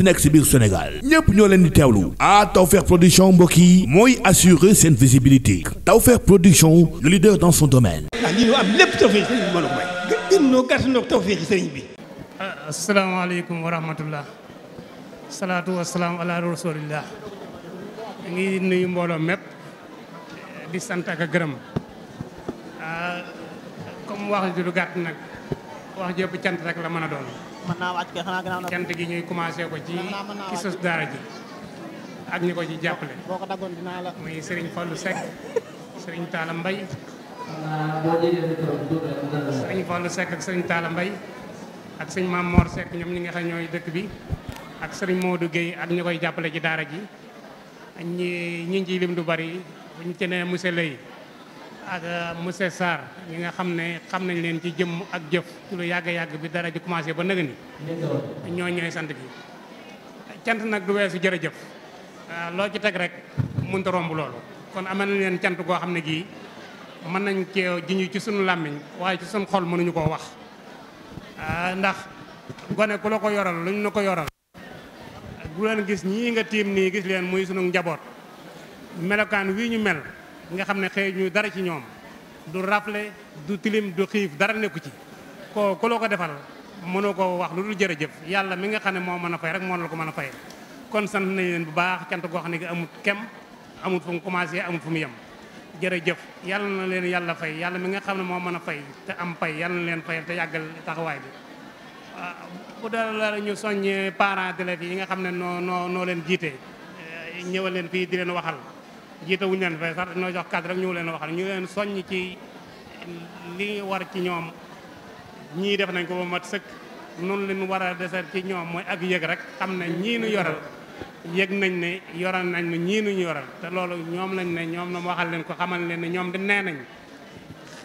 munti nekk si biir Sénégal ñépp ñoo leen di teewlu ah Tawfekh production mbokk yi mooy assurer seen visibilité Tawfekh production le leader dans son domaine. ah lii ñu am lépp Tawfekh sëriñ bi mën a may. gën noo gàtt noo bi. Ah, asalaamaaleykum wa rahmatullah salaatu ngi nuyu mbooloo mépp di sant ak gërëm ah, comme wax ji du gàtt nag wax jëpp cant rek la mën a doon mën naa wàcc kay xanaa gannaaw cant gi ñuy commencé ko ci ki sos daara ji ak ñi ko jàppale boo ko dinaa la muy Serigne Fallou Seck sëriñ Talla Mbaye Serigne Fallou Seck ak Serigne Talla ak sëñ Maam Mor Seck ñoom ñi nga xam ñooy dëkk bi ak sëriñ moo Guèye ak ñi koy jàppale ci daara ji ñi ñi ngi du bari bu ñu ci nee monsieur lay ak monsieur Sarr ñi nga xam ne xam nañ leen ci jëmm ak jëf ci lu yàgg yàgg bi dara ji commencé ba nëgëni ñoo ñooy sant gi cant nag du weesu jërëjëf euh, loo ci teg rek mënut a romb loolu kon amal na leen cant goo xam ne gii mën nañ kee ji ñu ci suñu làmmiñ waaye ci suñu xol mënuñu koo wax euh, ndax gone ku la ko yoral lu ñu la ko yoral bu leen gis ñii nga tiim nii gis leen muy suñu njaboot melokaan wii ñu mel nga xam ne xëy ñu dara ci ñoom du rafle du tilim du xiif dara nekku ci ko ku loo ko defal mënoo ko wax lu dul jërëjëf yàlla mi nga xam ne moo mën a fay rek moo la ko mën a fay kon sant nañ leen bu baax cant goo xam ne amut kem amut fu mu commencé amut fu mu yem jërëjëf yàlla leen yàlla fay yàlla mi nga xam ne moo mën a fay te am fay yàlla na leen fayal te yàggal taxawaay bi ah, bu dal la ñu soññ parents d'élèves yi nga xam ne noo noo noo leen jiite eh, ñëwal leen fii di leen waxal jiite wuñu leen fee jox cadre rek leen waxal ñu leen soññ ci li war ci ñoom ñii def nañ ko ba mat sëkk noonu leen war a deser ci ñoom mooy ak yëg rek xam ne ñii nu yoral yëg nañ ne yoral nañ nu ñii ñu yoral te loolu ñoom lañ ne ñoom nam waxal leen ko xamal leen ne ñoom di nee nañ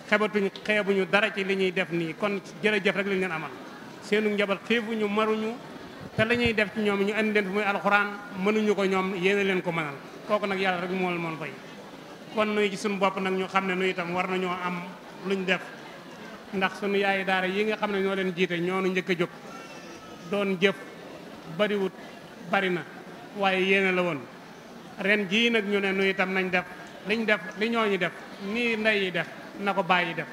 xebatuñu xeebuñu dara ci li ñuy def nii kon jërëjëf rek lañ leen amal seenu njaboot xiifuñu maruñu te la ñuy def ci ñoom ñu andi leen fi muy alxuraan mënuñu ko ñoom yéene leen ko mënal kooku nag yàlla rek mool mool fay kon nuy ci suñu bopp nag ñu xam ne nuy itam war nañoo am luñ def ndax suñu yaayi daara yii nga xam ne ñoo leen jiite ñoonu njëkk a jóg doon jëf bariwut bari na waaye yéene la woon ren jii nag ñu ne nuy itam nañ def liñ def li ñooñu def nii ndey yi def na ko bàyyi def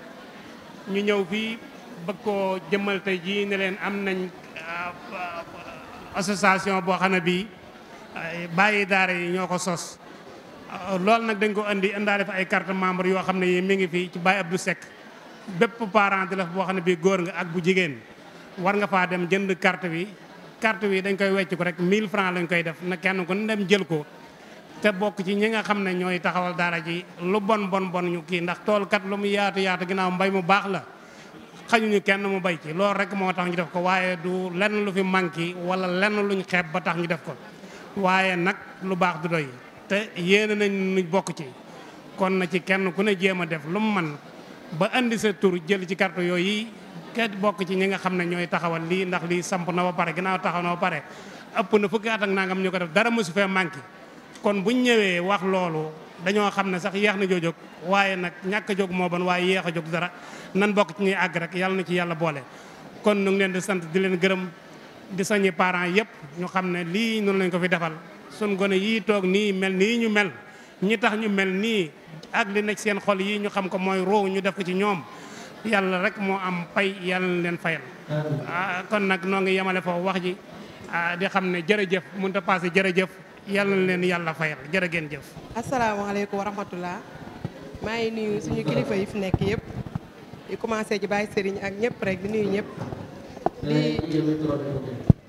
ñu ñëw fii bëgg koo jëmmal tey jii ne leen am nañ euh, association boo xam ne bii bàyyi daara yi ñoo ko sos ah, loolu nag dañ koo indi indaale fa ay carte membre yoo xam ne yi mi ngi fii ci Baye Abdou sekk bépp parent di la boo xam ne bii góor nga ak bu jigéen war nga faa dem jënd carte bi carte bi dañ koy wecc ko rek mille francs lañ koy def na kenn ko ne dem jël ko te bokk ci ñi nga xam ne ñooy taxawal daara ji lu bon bon bon ñu kii ndax tool kat lu mu yaatu yaatu ginnaaw mbay mu baax la xañuñu kenn mu bay ci loolu rek moo tax ñu def ko waaye du lenn lu fi manqué wala lenn luñ xeeb ba tax ñu def ko waaye nag lu baax du doy te yéene nañ ñu bokk ci kon na ci kenn ku ne jéem a def lu mu man ba indi sa tur jël ci carte yooyu kenn bokk ci ñi nga xam ne ñooy taxawal lii ndax lii samp na ba pare ginnaaw taxaw na ba pare ëpp na fukki at ak nangam ñu ko def dara mosu fee manqué kon buñ ñëwee wax loolu dañoo xam ne sax yéex na joo jóg waaye nag ñàkk jóg moo ban waaye yéex a jóg dara nan bokk ci ñuy àgg rek yàlla na ci yàlla boole kon nu ngi leen di sant di soññi parents yëpp ñu xam ne lii noonu lañ ko fi defal sun gone yii toog nii mel nii ñu mel ñi tax ñu mel nii ak li nekk seen xol yii ñu xam ko mooy roow ñu def ko ci ñoom yàlla rek moo am pay yàlla na leen fayal ah, kon nag noo ngi yemale foofu wax ji ah, di xam ne jërëjëf mënut a passé jërëjëf yàlla na leen yàlla fayal jërë ngeen jëf asalaamaaleykum wa rahmatullah maa ngi nuyu suñu kilifa yi fi nekk yëpp di commencé ci Baye sëriñ ak ñëpp rek di ñëpp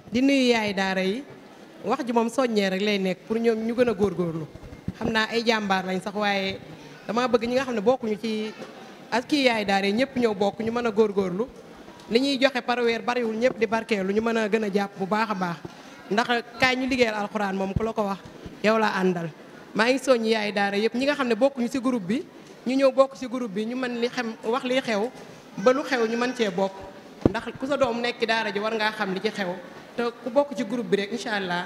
di nuyu yaay daara yi wax ji moom soññee rek lay nekk pour ñoom ñu gën a góorlu xam naa ay jàmbaar lañ sax waaye dama bëgg ñi nga xam ne bokkuñu ci ak kii yaay daara yi ñëpp ñëw bokk ñu mën a góorgóorlu li ñuy joxe par bariwul ñëpp di barkeelu ñu mën a gën a jàpp bu baax a baax ndax kaay ñu liggéeyal alxuraan moom ku la ko wax yow laa àndal maa ngi soññ yaay daara yëpp ñi nga xam ne bokkuñu ci groupe bi ñu ñëw bokk ci groupe bi ñu mën li xam wax li xew ba lu xew ñu mën cee bokk ndax ku sa doom nekki daara ji war ngaa xam li ci xew te ku bokk ci groupe bi rek incha allah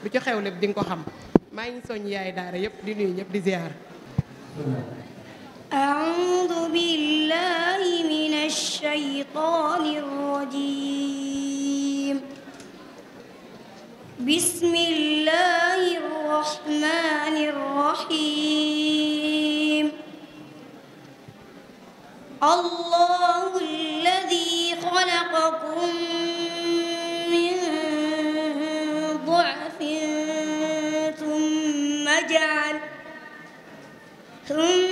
lu ci xew lépp di nga ko xam maa ngi soñ yaay daara yëpp di nuyu ñëpp di ziar. أعوذ بالله من الشيطان الرجيم بسم الله الرحمن الرحيم الله الذي خلقكم من ضعف ثم جعل ثم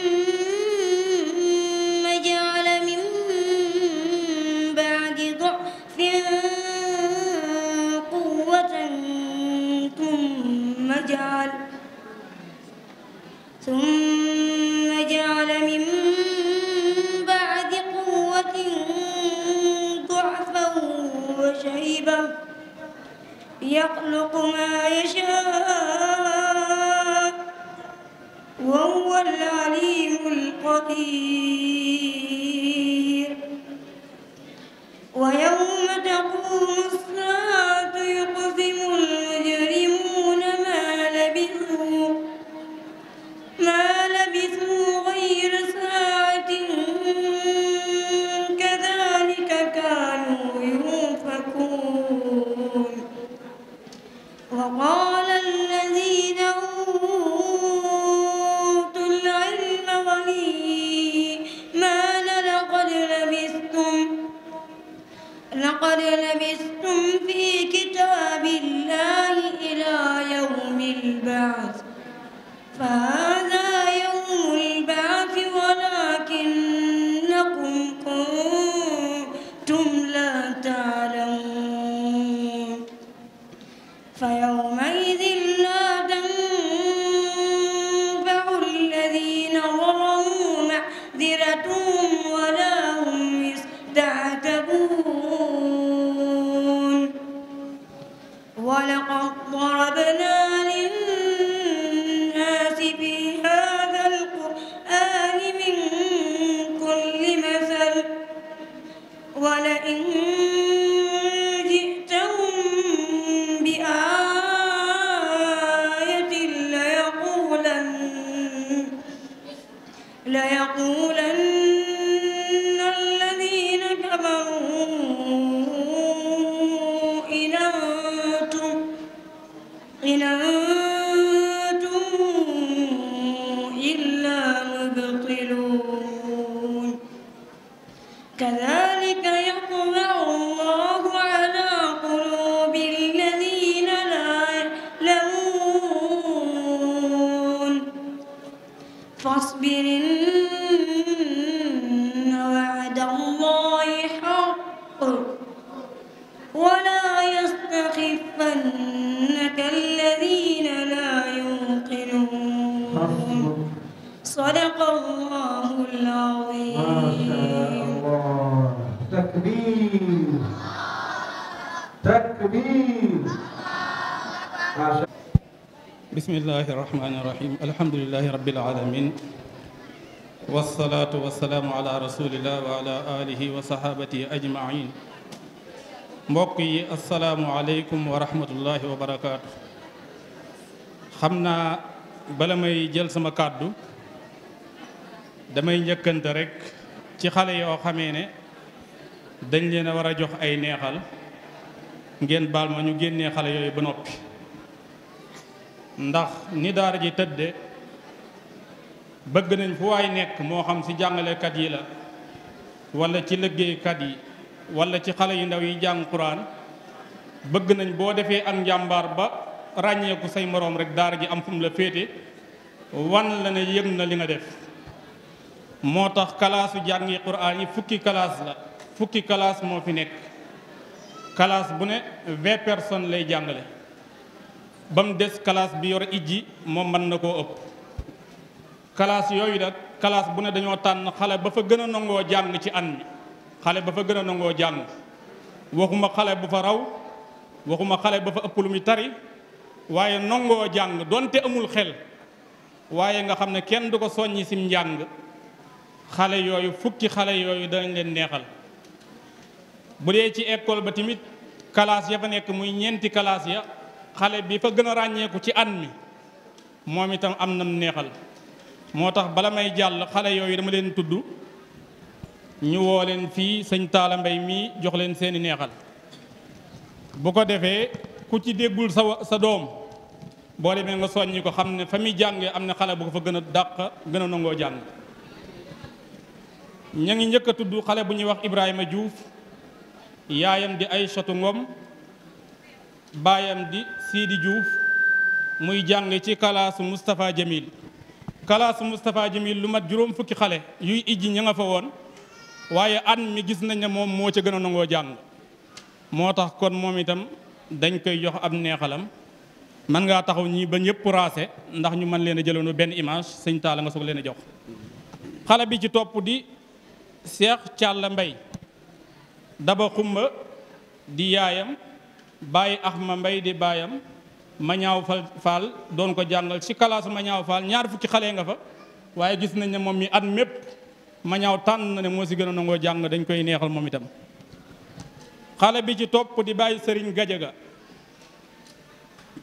يخلق ما يشاء وهو العليم القدير ويوم لقد لبثتم في كتاب الله إلى يوم البعث صدق الله العظيم ما شاء الله تكبير تكبير بسم الله الرحمن الرحيم الحمد لله رب العالمين والصلاة والسلام على رسول الله وعلى آله وصحابته أجمعين mbokk yi asalaamualeykum wa rahmatullahi wa barakaatu xam naa bala may jël sama kàddu damay njëkkante rekk ci xale yoo xamee ne dañ leen a war a jox ay neexal ngeen baal ma ñu génnee xale yooyu ba noppi ndax ni daara ji tëdde bëgg nañ fu waay nekk moo xam ci jàngalekat yi la walla ci liggéeykat yi walla ci xale yu ndaw yi jàng Quraan bëgg nañ boo defee ak njàmbaar ba ràññeeku say moroom rek daar gi am fu mu la féete wan la ne yëg na li nga def moo tax kalaasu jàngi quraan yi fukki kalaas la fukki kalaas moo fi nekk kalaas bu ne vingt personnes lay jàngale ba mu des kalaas bi yor ijji moom mën na koo ëpp kalaas yooyu nag kalaas bu ne dañoo tànn xale ba fa gën a nangoo jàng ci an mi xale ba fa gën a nangoo jàng waxuma xale bu fa raw waxuma xale ba fa ëpp lu muy tari waaye nongoo jàng donte amul xel waaye nga xam ne kenn du ko soññi sim njàng xale yooyu fukki xale yooyu danañ leen neexal bu dee ci école ba tamit classe ya fa nekk muy ñeenti kalaas ya xale bi fa gën a ràññeeku ci at mi moom itam am na neexal moo tax bala may jàll xale yooyu dama leen tudd ñu woo leen fii sëñ Talla Mbay mi jox leen seeni neexal bu ko defee ku ci déggul sa sa doom boo demee nga soññi ko xam ne fa muy jàngee am na xale bu ko fa gën a dàq gën a nangoo jàng ña njëkk a tudd xale bu ñuy wax Ibrahima juuf yaayam di Aysatu Ngom baayam di Sidi juuf muy jàng ci kalaasu Moustapha Jamil kalaasu Moustapha Jamil lu mat juróom fukki xale yuy ijji ña nga fa woon waaye an mi gis nañ ne moom moo ca gën a nangoo jàng moo tax kon moom itam dañ koy jox ab neexalam man ngaa taxaw ñii ba ñëpp raase ndax ñu mën leen a jëloonu benn image sëñ taala nga soog leen a jox xale bi ci topp di Cheikh Thialla Mbaye daba xumba di yaayam bàyyi ma mbay di baayam Mañaaw Fall doon ko jàngal ci kalaasu Mañaaw Fall ñaar fukki xale nga fa waaye gis nañ ne moom mi at mépp Mañaaw tànn na ne moo ci gën a nangoo jàng dañ koy neexal moom itam xale bi ci topp di bàyyi Serigne Gajaga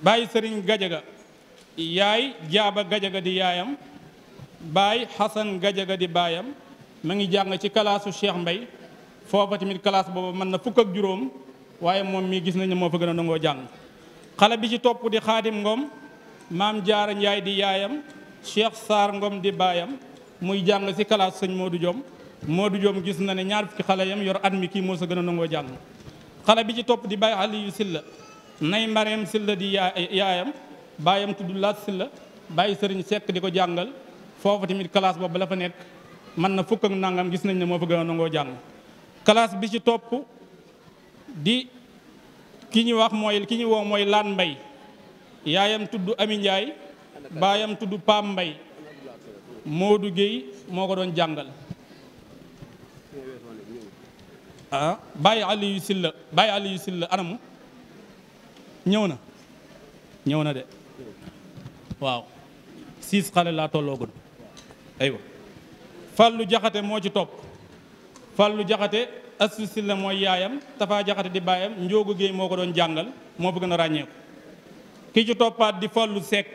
bàyyi sëriñ gajaga yaay jaaba gajaga di yaayam baay xasan gajaga di baayam mu ngi jàng ci kalaasu Cheikh Mbay foofa tamit kalaas boobu mën na fukk ak juróom waaye moom mii gis nañ ne moo fa gën a nangoo jàng xale bi ci topp di xaadim ngom maam jaara njaay di yaayam Cheikh Saar ngom di baayam muy jàng ci kalaasu sëñ Modou Diom Modou Diom gis na ne ñaar fukki xale yam yor at mi kii moo sa gën a nangoo jàng Silla nay Mariam Sylla di eh, yaayam baayam tudd Laat Sylla bàyyi sëriñ Seck di ko jàngal foofu tamit classe boobu la fa nekk mën na fukk ak nangam gis nañ ne moo fa gën a nangoo jàng classe bi ci topp di ki ñu wax mooy ki ñu woo mooy Laan Mbay yaayam tudd Ami Ndiaye baayam tudd Pam Mbay Modou Guèye moo ko doon jàngal ah Baye Aliou Sylla Baye Aliou Sylla anamu ñëw na ñëw na de waaw six xale laa tolloogun aywa Fallou Jaxate moo ci topp fal lu Jaxate Astou Sylla mooy yaayam Tafa Jaxate di baayam Njoogu Géey moo ko doon jàngal moo fa gën a ràññeeku ki ci toppaat di lu Seck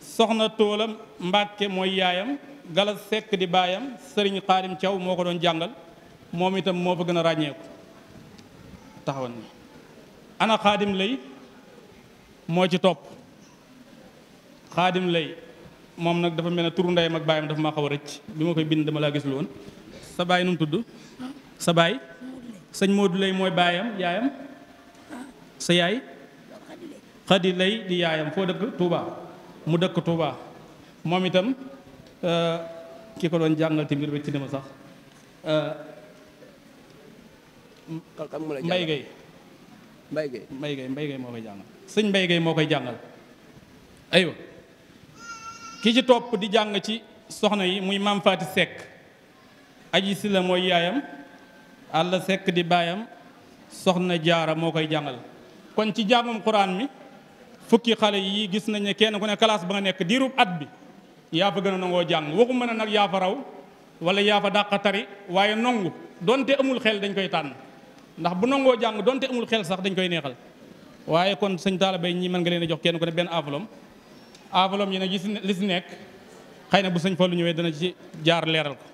soxna Toola Mbàkke mooy yaayam Gala Seck di baayam Sëriñ Xaadim Thiaw moo ko doon jàngal moom itam moo fa gën a ràññeeku taxawan ana xaadim lay moo ci topp xaadim lay moom nag dafa mel ne turu ndeyam ak baayam dafa ma xaw a rëcc bi ma koy bind dama laa gis loon sa baay nu tudd sa baay sëñ Modou lay mooy baayam yaayam sa yaay xadi lay di yaayam foo dëkk Touba mu dëkk Touba moom itam euh, ki ko doon jàngal tamit wécc na ma sax euh, mbay gay Mbaye Gueye Mbaye moo koy jàngal sëñ Mbaye Gueye moo koy jàngal aywa ki ci topp di jàng ci soxna yi muy maam Faati Seck aji si la mooy yaayam àll sekk di baayam soxna jaara moo koy jàngal kon ci jàngum quran mi fukki xale yi gis nañ kenn ku ne classe ba nga nekk diirub at bi yaa fa gën a nangoo jàng waxu mën a nag yaa fa raw wala yaa fa dàq tari waaye nongu donte amul xel dañ koy tànn ndax bu nangoo jàng donte amul xel sax dañ koy neexal waaye kon sëñ taalibe ñii mën nga leen a jox kenn ko ne benn enveloppe enveloppe yi nag li si nekk xëy na bu sëñ lu ñëwee dana ci jaar leeral ko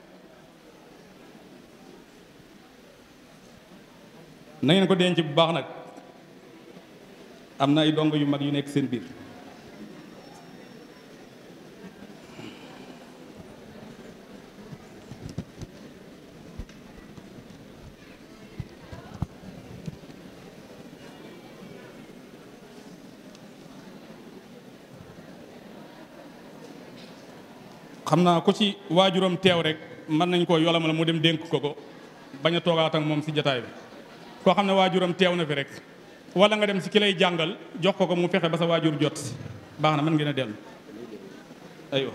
nangeen ngeen ko denc bu baax nag am na ay dongo yu mag yu nekk seen biir xam naa ko ci waajuram teew rek mën nañ koo yolamal mu dem dénk ko ko bañ a toogaat ak moom si jataay bi koo xam ne waajuram teew na fi rek wala nga dem si ki lay jàngal jox ko ko mu fexe ba sa waajur jot si baax na mën ngeen a dellu aywa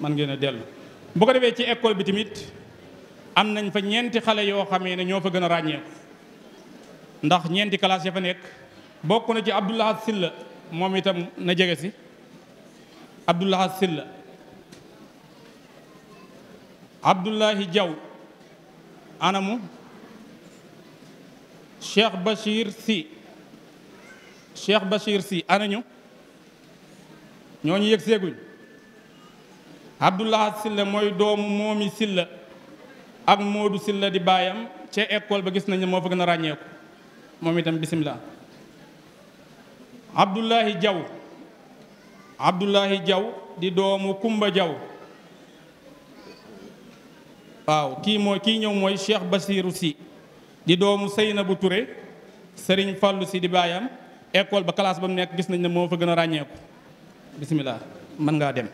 mën ngeen a dellu bu ko defee ci école bi tamit am nañ fa ñeenti xale yoo xamee ne ñoo fa gën a ràññeeku ndax ñeenti classe ya fa nekk bokk na ci Abdoulaye Sylla moom itam na jege si Abdoulaye Sylla Abdoulahi Diaw anamu Cheikh Bachir Sy Cheikh Bachir Sy anañu ñooñu yëg seeguñ Abdoulahat Silla mooy doomu moomi Silla ak Moodu Silla di baayam ca école ba gis nañ ne moo fa gën a ràññeeku moom itam bisimilah Abdoulahi Diaw Abdoulahi Diaw di doomu Kumba Diaw waaw kii mooy kii ñëw mooy Cheikh Bassirou Sy di doomu sëy na bu ture sëriñ Fallou si di baayam école ba classe ba mu nekk gis nañ ne moo fa gën a ràññeeku bisimilah mën ngaa dem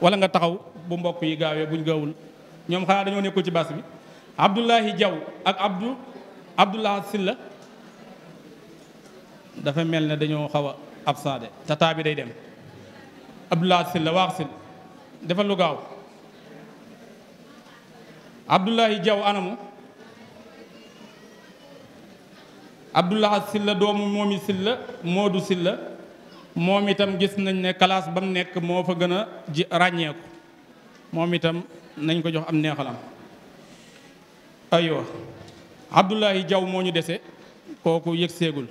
walla nga taxaw bu mbokk yi gaawee buñ gaawul ñoom xanaa dañoo nekkul ci bas bi Abdoulahi Diaw ak Abdou si la dafa mel ne dañoo xaw a absent de tataa bi day dem Abdoulahi la waax Silla defal lu gaaw Abdoulaye jaw anamu Abdoulaye Sylla doomu moomi Sylla Modou Sylla moom itam gis nañ ne kalaas ba mu nekk moo fa gën a ji ràññeeku moom itam nañ ko jox am neexalam aywa Abdoulaye jaw moo ñu dese kooku yëg seegul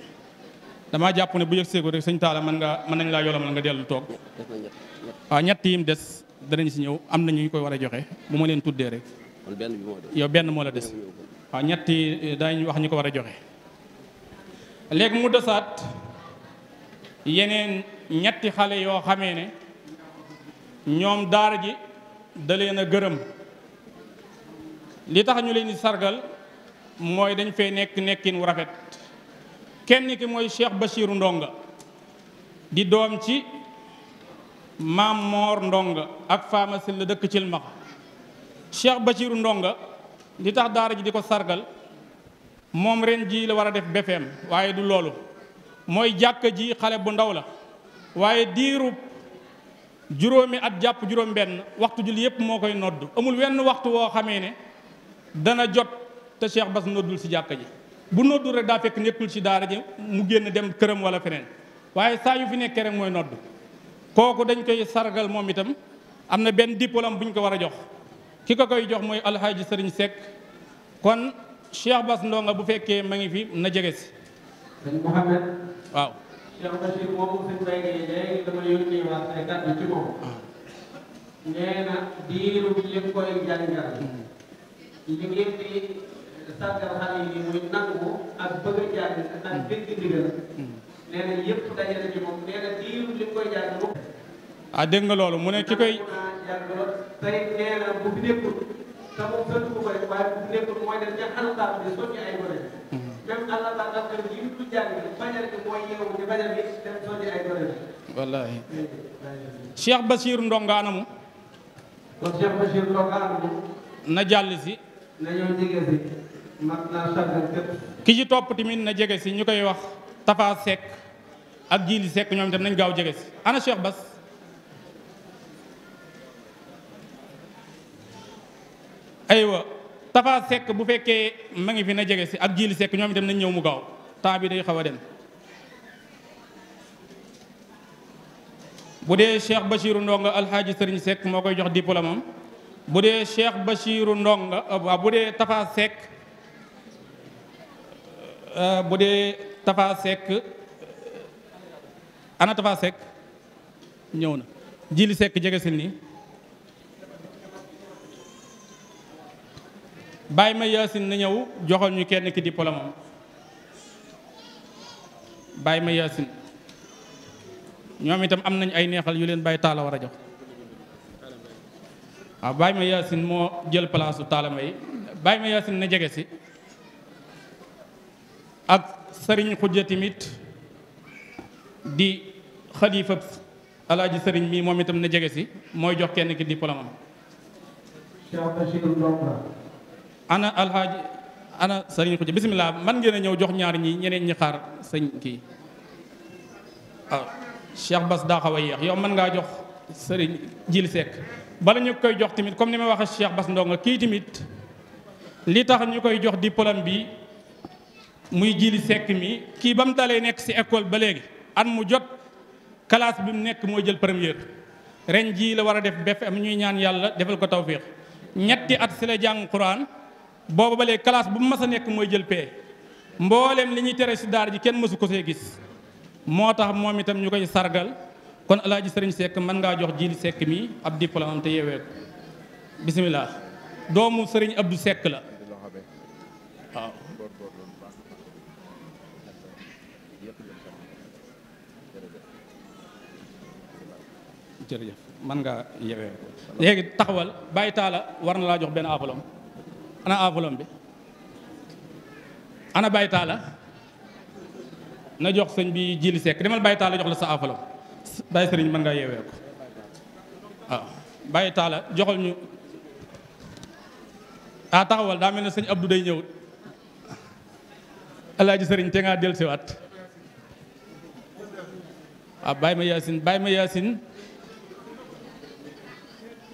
damaa jàpp ne bu yëg rek sëñ Talla mën nga mën nañ laa yolomal nga dellu toog waaw ñetti yim des danañ si ñëw am na ñu koy war a joxe mu ma leen tuddee rek yow benn moo la des waa ñetti eh, daañu wax ñu ko war a joxe léegi mu desaat yeneen ñetti xale yoo xamee ne ñoom daara ji da leen a gërëm li tax ñu leen di sargal mooy dañ fee nekk nekkiin wu rafet kenn ki mooy Cheikh Bachiru Ndonga di doom ci maam Moor Ndonga ak Fama Sylla la dëkk Cilmaxa Cheikh Bachiru Ndonga li tax daara ji di ko sargal moom ren ji la war a def BFEM waaye du loolu mooy jàkka ji xale bu ndaw la waaye diiru juróomi at jàpp juróom benn waxtu julli yépp moo koy nodd amul wenn waxtu woo xamee ne dana jot te Cheikh Bass noddul si jàkka ji bu noddul rek daa fekk nekkul si daara ji mu génn dem këram wala feneen waaye saa yu fi nekkee rek mooy nodd kooku dañ koy sargal moom itam am na benn diplôme bu ñu ko war a jox ki ko koy jox mooy alxaaji sëriñ Seck kon Cheikh Bass Ndonga bu fekkee ma ngi fi na jege si sëñ Mouhamed waaw Cheikh diiru bi lim koy jàngal li ngeen yi muy nangu ak bëgg a jàng ak dégg ndigal nee na yëpp dajale ci moom nee na diiru lim koy jàng moom ah dégg nga loolu mu ne ki koy yàgg la tey na mhm. Ndongaanamu kon Cheikh Bachir Ndongaanamu na jàll si na ñëw jege si mag naa sàggal képp ki ci topp tamit na jege si ñu koy wax Tafa Seck ak Jili Seck ñoom itam nañ gaaw jege si ana Cheikh Bass aywa Tafa Seck bu fekkee ma ngi fi na jege si ak Jili Seck ñoom itam nañ ñëw mu gaaw temps bi day xaw a dem. bu dee Cheikh Bachirou ndong Alhaji Serigne Seck moo koy jox diplôme am bu dee Cheikh Bachirou Ndonga euh, bu dee Tafa Seck euh, bu dee Tafa Seck euh, ana Tafa Seck ñëw na Jili Seck jege si nii. bàyyi ma yaasin na ñëw joxal ñu kenn ki di am bàyyi ma yaasin ñoom itam am nañ ay neexal yu leen bàyyi taala war a jox waaw bàyyi ma yaasin moo jël place u taala may bàyyi ma yaasin na jege si ak sëriñ xujja tamit di xalifa alaaji sëriñ mi moom itam na jege si mooy jox kenn ki diplôme am ana alxaaji ana sëriñ xuja bisimilah man ngeen a ñëw jox ñaar ñi ñeneen ñi xaar sañ kii waaw ah, Cheikh Bass daa xaw a yéex yow man ngaa jox sëriñ jil sekk bala ñu koy jox tamit comme ni ma waxee Cheikh Bass Ndongo kii tamit li tax ñu koy jox diplôme bi muy jili sekk mi kii ba mu dalee nekk si école ba léegi at mu jot classe bi mu nekk mooy jël première ren jii la war a def BFM ñuy ñaan yàlla defal ko tawfiix ñetti at si la jàng Quraan booba ba léegi classe bu mu mas a nekk mooy jël mboolem li ñuy tere si daar ji kenn mësu ko see gis moo tax moom itam ñu koy sargal kon alaaji sëriñ sekk mën ngaa jox jiili Seck mi ab diplôme te bisimilah doomu sëriñ Abdou Seck la waaw. jërëjëf mën ngaa yeewee ko léegi taxawal bàyyi taala war na laa jox benn apolom ana enveloppe bi ana baytaala na jox sëñ bi jili sekk demal baytaala jox la sa enveloppe bàyyi sëriñ mën nga yeewee ko waaw baytaala joxal ñu ah taxawal daa mel ne sëñ Abdou day ñëw alaaji sëriñ te ngaa dellusiwaat waaw ah, bàyyi ma yaasin bàyyi ma yaasin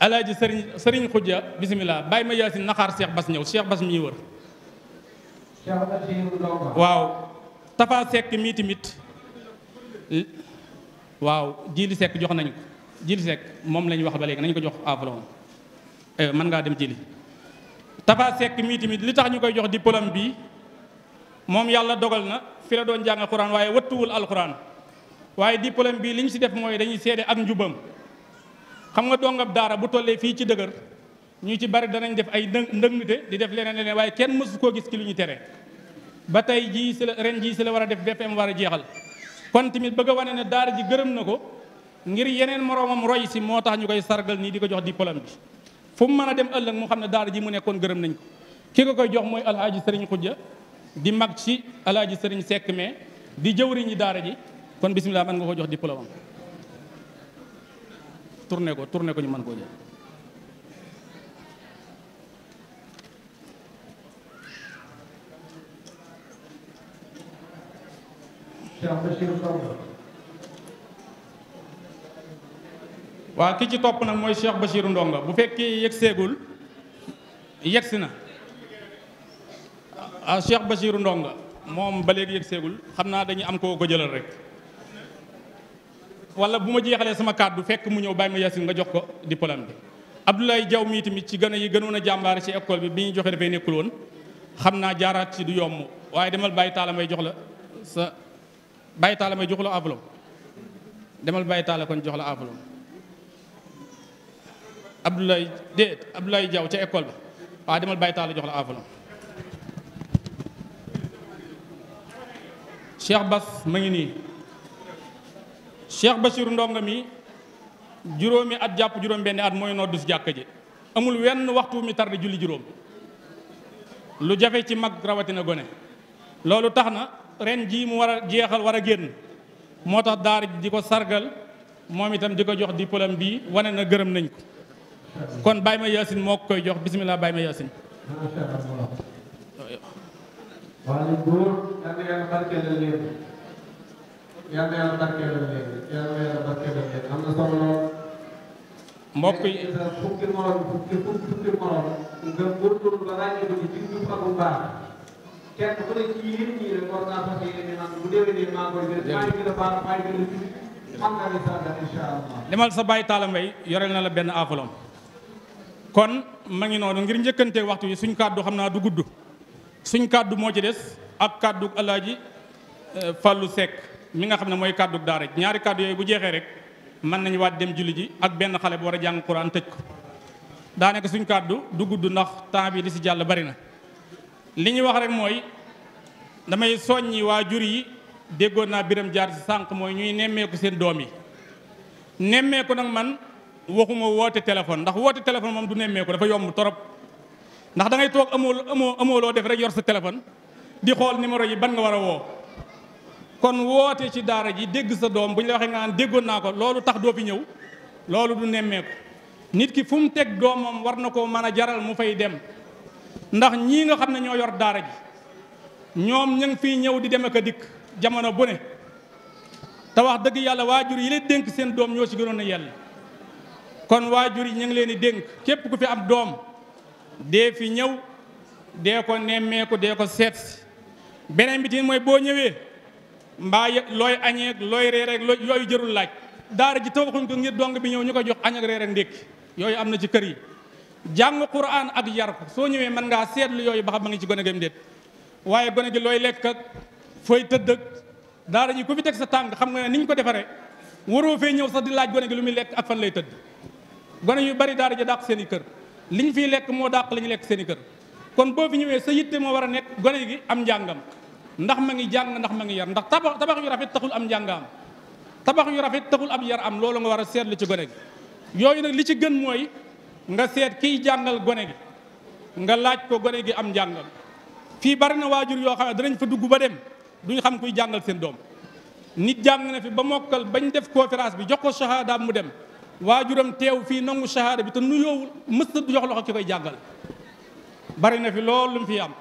alaaji sëriñ sëriñ xujja bisimilah bàyyi ma yaasin naxaar seex Bas ñëw Cheikh Bas mi wër waaw Tafa Seck mii tamit waaw Jili Seck jox nañ ko Jili Seck moom la wax ba léegi nañu ko jox avalon eh, mën ngaa dem Jili Tafa Seck mii tamit li tax ñu koy jox diplôme bi moom yàlla dogal na fi la doon jàng alxuraan waaye wëttuwul alxuraan waaye diplôme bi li ñu si def mooy dañuy seede ak njubam xam nga dongab daara bu tollee fii ci dëgër ñu ci bari danañ def ay ndëng ndëngte di def leneen leneen waaye kenn mësu koo gis ki lu ñu tere ba tey jii si la ren jii si la war a def BFM war a jeexal kon tamit bëgg a wane ne daara ji gërëm na ko ngir yeneen moroomam roy si moo tax ñu koy sargal nii di ko jox diplôme bi fu mu mën a dem ëllëg mu xam ne daara ji mu nekkoon gërëm nañ ko ki ko koy jox mooy alhaaji sëriñ xujja di mag ci alhaaji sëriñ sekk mais di jëwriñi daara ji kon bisimilah man nga ko jox diplôme am tourné ko tourné ko ñu mën koo jël waaw ki ci topp nag mooy Cheikh Bachirou Ndonga bu fekkee yegg seegul si na ah Cheikh Ndonga moom ba léegi yegg seegul xam naa dañuy am koo ko jëlal rek wala bu ma jeexalee sama kàddu fekk mu ñëw bàyyi ma Yacine nga jox ko diplôme bi Abdoulaye Diaw mii tamit ci gën a yi gënoon a jàmbaare ci école bi bi ñu joxe dafay nekkul woon xam naa jaaraat ci du yomb waaye demal bàyyi taala may jox la sa bàyyi taala may jox la avalom demal bàyyi taala kon jox la avalom Abdoulaye déet Abdoulaye Diaw ca école ba waaw demal bàyyi taala jox la avalom Cheikh Bass ma ngi nii Cheikh Bachir Ndongo mi juróomi at jàpp juróom-benni at mooy noddu si jàkka ji amul wenn waxtu mi tardi julli juróom lu jafe ci mag rawatina gone loolu tax na ren jii mu war a jeexal war a génn moo tax daar di ko sargal moom itam di ko jox diplôme bi wane na gërëm nañ ko kon Baye ma Yacine moo koy jox bisimilah Baye ma Yacine. yal na sa bàyyi taala mbay yoreel na la benn aaxulam kon ma ngir njëkkante waxtu yi suñ kàddu xam naa du gudd suñ kàddu moo ci des ak kàddu alaaji euh, Fallou Seck mi nga xam ne mooy kàddu daara ñaari kàddu yooyu bu jeexee rek mën nañu waat dem julli ji ak benn xale bu war a jàng quran tëj ko daanaka suñ kàddu du gudd ndax temps bi li si jàll bari na li ñuy wax rek mooy damay soññ waa jur yi déggoon naa biram jaar si sànq mooy ñuy nemmeeku seen doom yi nemmeeku nag man waxuma woote téléphone ndax woote téléphone moom du nemmeeku dafa yomb torop ndax da ngay toog amoo amoo loo def rek yor sa téléphone di xool numéro yi ban nga war a woo kon woote ci daara ji dégg sa doom bu ñu la waxee nga naan déggoon naa ko loolu tax doo fi ñëw loolu du nemmeeku nit ki fu mu teg doomam war na koo mën a jaral mu fay dem ndax ñii nga xam ne ñoo yor daara ji ñoom ñu ngi fiy ñëw di dem ak dikk jamono bu ne te wax dëgg yàlla waajur yi leen dénk seen doom ñoo ci gënoon a yàlla kon waajur yi ñu ngi leen di dénk képp ku fi am doom dee fi ñëw dee ko nemmeeku dee ko seet beneen bi tamit mooy boo ñëwee. mbaa looy añeeg looy reer ak looy yooyu jërul laaj daara ji tabaxuñ ko ngir dong bi ñëw ñu ko jox añ ak reer ndékki yooyu am na ci kër yi jàng quraan ak yar ko soo ñëwee mën ngaa seetlu yooyu ba xam ma ngi ci gone gam déet waaye gone gi looy lekk fooy tëdd ak ku fi teg sa tànk xam nga ni ñu ko defaree waroo fee ñëw sax di laaj gone gi lu muy lekk ak fan lay tëdd gone yu bari daara ji dàq seen i kër liñ fiy lekk moo dàq la ñu lekk seen i kër kon boo fi ñëwee sa yitte moo war a nekk gone gi am njàngam ndax ma ngi jàng ndax ma ngi yar ndax tabax tabax yu rafet taxul am njàngaam tabax yu rafet taxul am yar am loolu nga war a seetlu ci gone gi yooyu nag li ci gën mooy nga seet kiy jàngal gone gi nga laaj ko gone gi am njàngal fii bari na waajur yoo xam ne danañ fa dugg ba dem duñ xam kuy jàngal seen doom nit jàng na fi ba mokkal bañ def conférence bi jox ko shahada mu dem waajuram teew fii nangu shahada bi te nuyoowul mës du jox loxo ki koy jàngal bari na fi loolu lu fi am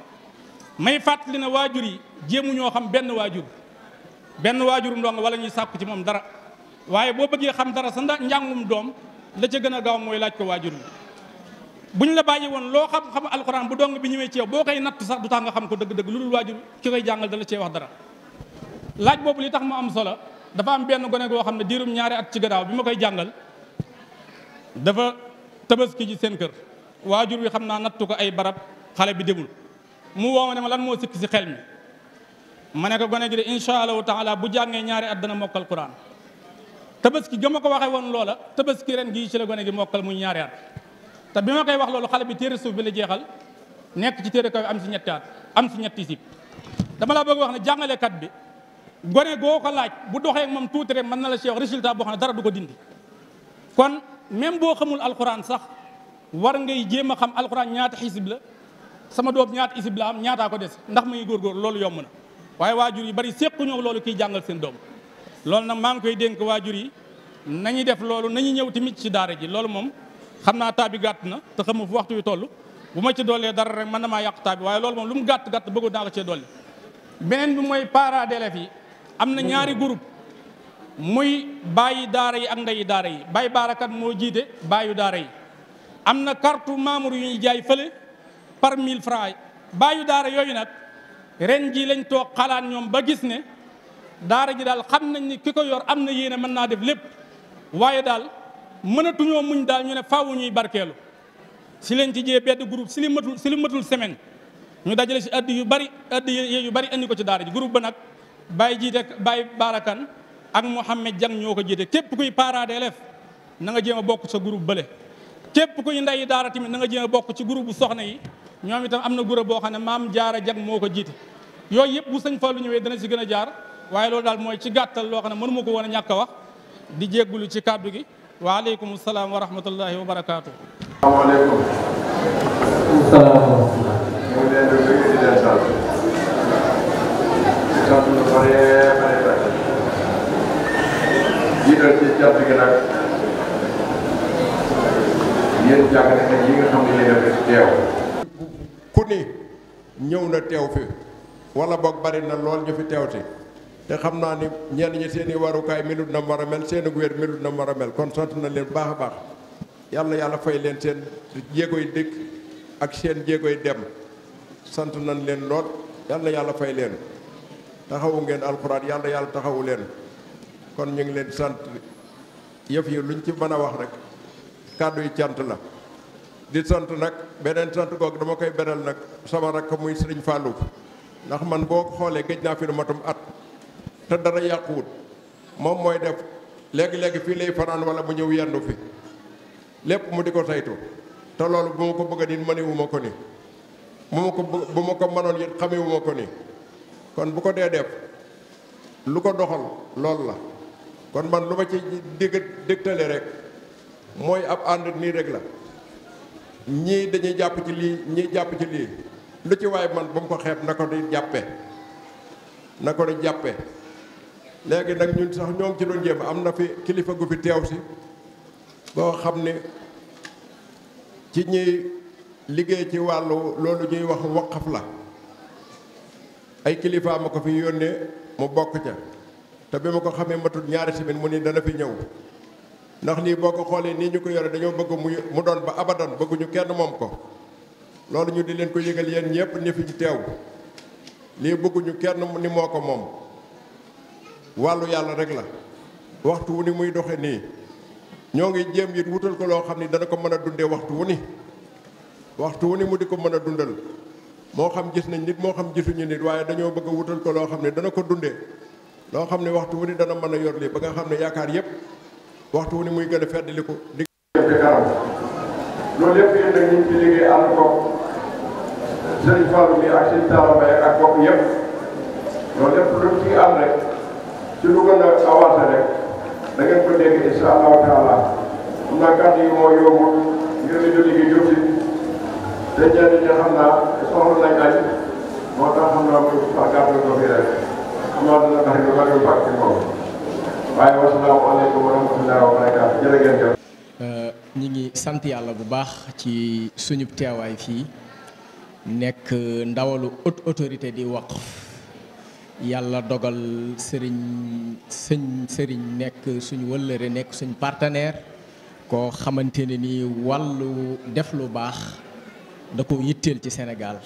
may fàttali na waajur yi jéemu ñoo xam benn waajur benn waajur ndongo wala ñuy sàkku ci moom dara waaye boo bëggee xam dara sa ndax njàngum doom la ca gën a gaaw mooy laaj ko waajur bi bu ñu la bàyyi woon loo xam xam alxuraan bu dong bi ñëwee ci yow boo koy natt sax du tax nga xam ko dëgg-dëgg lu dul waajur ki koy jàngal dala cee wax dara laaj boobu li tax mu am solo dafa am benn gone goo xam ne diirum ñaari at ci gannaaw bi ma koy jàngal dafa tabaski ji seen kër waajur wi xam naa nattu ko ay barab xale bi demul mu woo ma ma lan moo sikk si xel mi ma ne ko gone gi de incha allahu taala bu jàngee ñaari at dana mokkal quran tabaski ga ma ko waxee woon loola tabaski ren gii ci la gone gi mokkal muy ñaari at te bi ma koy wax loolu xale bi téere suuf bi la jeexal nekk ci téere kaw am si ñetti at am si ñetti sib dama la bëgg wax ne jàngalekat bi gone goo ko laaj bu doxee moom tuuti rek mën na la ci wax résultat boo xam ne dara du ko dindi kon même boo xamul alxuraan sax war ngay jéem a xam alxuraan ñaata xisib la sama doom ñaata xisib la am ñaataa ko des ndax muy góorgóor loolu yomb na waaye waajur yu bari séquñoo loolu kiy jàngal seen doom loolu nag maa ngi koy dénk waajur yi nañu def loolu nañu ñëw tamit ci daara ji loolu moom xam naa taa bi gàtt na te xamu fu waxtu wi toll bu ma ci doolee dara rek mën na maa yàqu taa waaye loolu moom lu mu gàtt gàtt bëggu naa ko cee dolli beneen bi mooy parents d'élèves yi am na ñaari groupe muy bàyyi daara yi ak ndeyi daara yi bàyyi baarakat moo jiite bàyyu daara yi am na carte membre yu ñuy jaay fële par mille francs bàyyu daara yooyu nag ren jii lañ toog xalaat ñoom ba gis ne daara ji daal xam nañ ni ki ko yor am na yéene mën naa def lépp waaye daal mënatuñoo muñ daal ñu ne faawu ñuy barkeelu si leen ci jee bedd groupe si li matul si matul semaine ñu dajale si addi yu bari ëdd addi yu bari indi ko ci daara ji groupe ba nag bàyyi jiite bàyyi baarakan ak Mouhamed Diang ñoo ko jiite képp kuy parent d'élève na nga jëm a bokk sa groupe bële képp kuy yi daara tamit na nga jéem bokk ci groupe bu soxna yi ñoom itam am na gura boo xam ne maam jaara jag moo ko jiite yooyu yëpp bu sëñ lu ñëwee dana ci gën a jaar waaye loolu daal mooy ci gàttal loo xam ne mënuma ko woon a ñàkk a wax di jéggulu ci kàddu gi waaleykum salaam wa rahmatullahi wa barakaatu. waaleykum salaam wa rahmatulah. ñu ngi leen di nuyu di leen sant. di sant lu jiital ci jàpp gi nag a ku ni ñëw na teew fi wala boog bari na lool ñu fi teewti te xam naa ni ñenn ñi seen i warukaay melut na war a mel seen i wér melut na war a mel kon sant na leen baax a baax yàlla yàlla fay leen seen jéegoy dëkk ak seen jéegoy dem sant nañ leen lool yàlla yàlla fay leen taxawu ngeen alxuraan yàlla yàlla taxawu leen kon ñu ngi leen sant yëf yi luñ ci mën a wax rek kàddu yi cant la di sant nag beneen sant googu dama koy beral nag sama rakk muy sëriñ Fallou ndax man boo xoolee géej naa fi lu matum at te dara yàquwut moom mooy def léegi-léegi fii lay fanaan wala mu ñëw yendu fi lépp mu di ko saytu te loolu bu ma ko bëgg a nit ko ni bu ma ko bu ma ko mënoon it xamewuma ko ni kon bu ko dee def lu ko doxal loolu la kon man lu ma ci digg dégtale rek mooy ab ànd nii rek la ñii dañuy jàpp ci lii ñii jàpp ci lii lu ci waay man ba mu ko xeeb na ko di jàppe na ko di jàppe léegi nag ñun sax ñoo ngi ci doon jéem am na fi kilifa gu fi teew si boo xam ne ci ñuy liggéey ci wàllu loolu ñuy wax waqaf la ay kilifa ma ko fi yónnee mu bokk ca te bi ma ko xamee matul ñaari semaine mu ni dana fi ñëw ndax nii boo ko xoolee nii ñu ko yore dañoo bëgg mu mu doon ba abadan bëgguñu kenn moom ko loolu ñu di leen ko yégal yenn ñëpp ni fi teew lii bëgguñu kenn ni moo ko moom wàllu yàlla rek la waxtu wu ni muy doxe nii ñoo ngi jéem it wutal ko loo xam ni dana ko mën a dundee waxtu wu ni waxtu wu ni mu di ko mën a dundal moo xam gis nañ nit moo xam gisuñu nit waaye dañoo bëgg a wutal ko loo xam ne dana ko dundee loo xam ne waxtu wu ni dana mën a yor li ba nga xam ne yaakaar yëpp waxtu wu ne muy gën a feddali ko di kanam loolu yëpp yéen nag ñu ngi ci liggéey ànd ko sëriñ Fallou bi ak sëriñ Talla Mbaye ak bokk yëpp loolu yëpp lu ci am rek ci lu gën a avancé rek da ngeen ko dégg insha allahu taala xam naa kàddu yi moo yombul ngir ñu liggéey yëpp si te ñenn ñi xam naa soxla nañ añ moo tax xam naa muy wax gàttal ko fi rek xam naa dina tax ñu bari bàq ci moom waaye wasalaamaaleykum euh, ngi sant yàlla bu baax ci suñu teewaay fii nekk ndawalu haute autorité di waqf yàlla dogal sëriñ sëñ sëriñ nekk suñu wëllëre nekk suñu partenaire koo xamante ne ni wàllu def lu baax da ko yitteel ci Sénégal.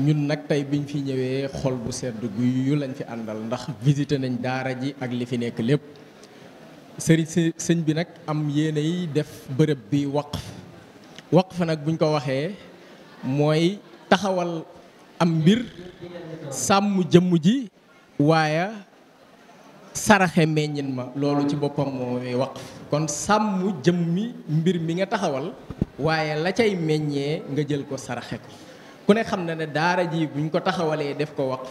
ñun nag tey biñ fi ñëwee xol bu sedd guy yu lañ fi àndal ndax visité nañ daara ji ak li fi nekk lépp sëriñ sëñ bi nag am yéene yi def bërëb bi waqf waqf nag buñ ko waxee mooy taxawal am mbir sàmm jëmm ji waaye saraxe meññin ma loolu ci boppam mooy waqf kon sàmm jëmmi mbir mi nga taxawal waaye la cay meññee nga jël ko saraxe ko ku ne xam na ne daara ji buñ ko taxawalee def ko waqf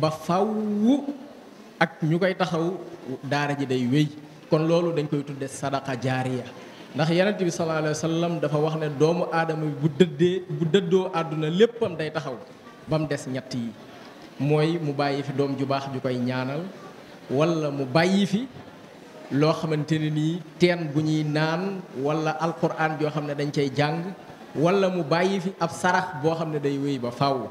ba faw ak ñu koy taxaw daara ji day wéy kon loolu dañ koy tudde sadaqa jaariya ndax yonent bi sallallahu alayhi wa dafa wax ne doomu aadama bu dëddee bu dëddoo àdduna léppam day taxaw ba mu des ñett yi mooy mu bàyyi fi doom ju baax ju koy ñaanal wala mu bàyyi fi loo xamante ni nii teen bu ñuy naan wala alquran joo xam ne dañ cay jàng wala mu bàyyi fi ab sarax boo xam ne day wéy ba faaw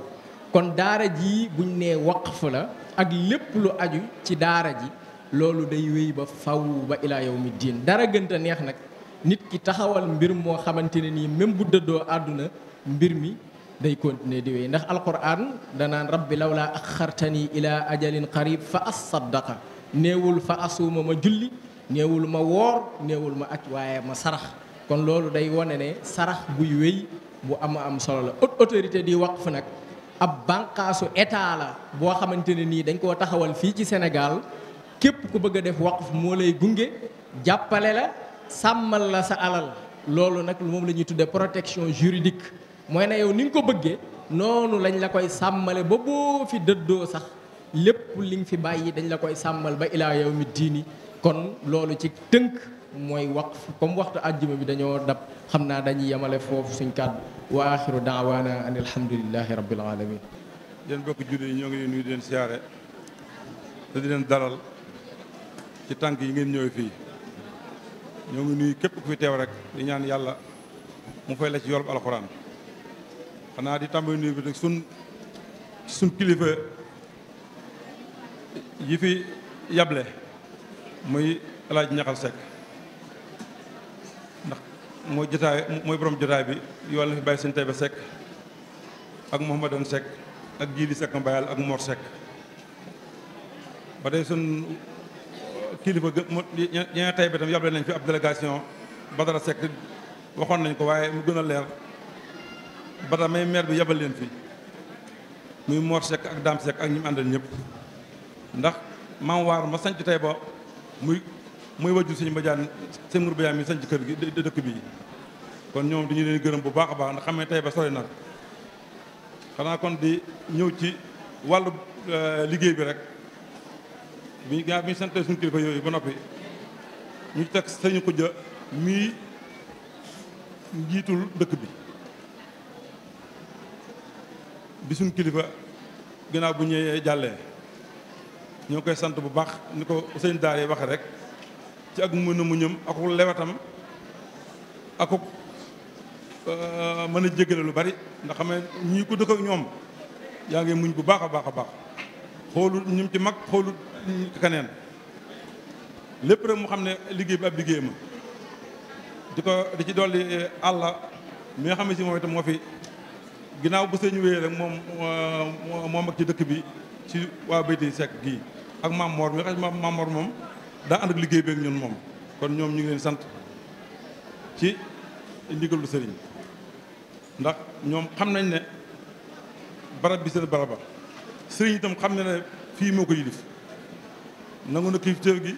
kon daara ji buñ nee waqf la ak lépp lu aju ci daara ji loolu day wéy ba faw ba ilaa yawmi diin dara gënta neex nag nit ki taxawal mbir moo xamante ne nii même bu dëddoo àdduna mbir mi day continuer di wéy ndax alquran danaan rab rabbi lawlaa axartani ila ajalin qarib fa as assaddaqa néewul fa asuuma ma julli néewul ma woor néewul ma aj waaye ma sarax kon loolu day wane ne sarax buy wéy bu am am solo la haute autorité di waqf nag ab bànqaasu état la boo xamante ne nii dañ koo taxawal fii ci Sénégal képp ku bëgg a def waqf moo lay gunge jàppale la sàmmal la sa alal loolu nag moom la ñuy tuddee protection juridique mooy na yow ni nga ko bëggee noonu lañ la koy sàmmale ba boo fi dëddoo sax lépp li nga fi bàyyi dañ la koy sàmmal ba ilaa yow mi diini kon loolu ci tënk mooy waqf comme waxtu àjjuma bi dañoo dab xam naa dañuy yemale foofu suñ kàddu wa axiru daawaana an alhamdulilahi rabbil alamin ñoo ngi leen nuyu di leen di leen dalal ci tànk yi ngeen ñëwee fii ñoo ngi nuyu rek di ñaan yàlla mu fay la ci yorub xanaa di tàmbali nuyu yi fi yable muy El Hadj Ñaxal Seck mooy jotaay mooy boroom jotaay bi yàlla na fi bàyyi sëñ ba Seck ak Mouhamadou Seck ak Djili Seck Mbayal ak Mor Seck ba tey sun kilifa gë ña Taïba tam yàble nañ fi ab délégation Badara Seck nañ ko waaye mu leer bata may maire bi leen fi muy Mor Seck ak Dame ak ñi mu àndal ñëpp ndax mam waar ma sanc Taïba muy muy wajju sëñ Badiane sëñ Mour Badiane mi sañ ci kër gi dëkk bi kon ñoom dañu leen gërëm bu baax a baax ndax xam ne tey ba sori na xanaa kon di ñëw ci wàllu euh, liggéey bi rek bi gaa bi ñu sante suñu yooyu ba noppi ñu teg sëñ Xuja mii njiitul dëkk bi bi suñu kilifa ginnaaw bu ñëwee jàllee ñoo koy sant bu baax ni ko sëñ daar waxe rek ci ak mën a muñam akuk lewatam akuk euh, mën a jégale lu bari ndax xam ne dëkk ak ñoom yaa ngi muñ bu baax a baax a baax xoolut ñum ci mag xoolut keneen lépp rek mu xam ne liggéey bi ab liggéey ma di ko di ci dolli eh, àlla mi nga xam ne si moom itam moo fi ginnaaw bu sëñ wéyee rek moom euh, moom ak ci dëkk bi ci waa Bayti Seck gii ak Mamor mi nga xam ne moom daa ànd liggéey beek ñun moom kon ñoom ñu ngi leen sant ci ndigalu sëriñ ndax ñoom xam nañ ne barab bi seen baraba sëriñ itam xam ne ne fii moo ko yilif nangu na kilifteef gi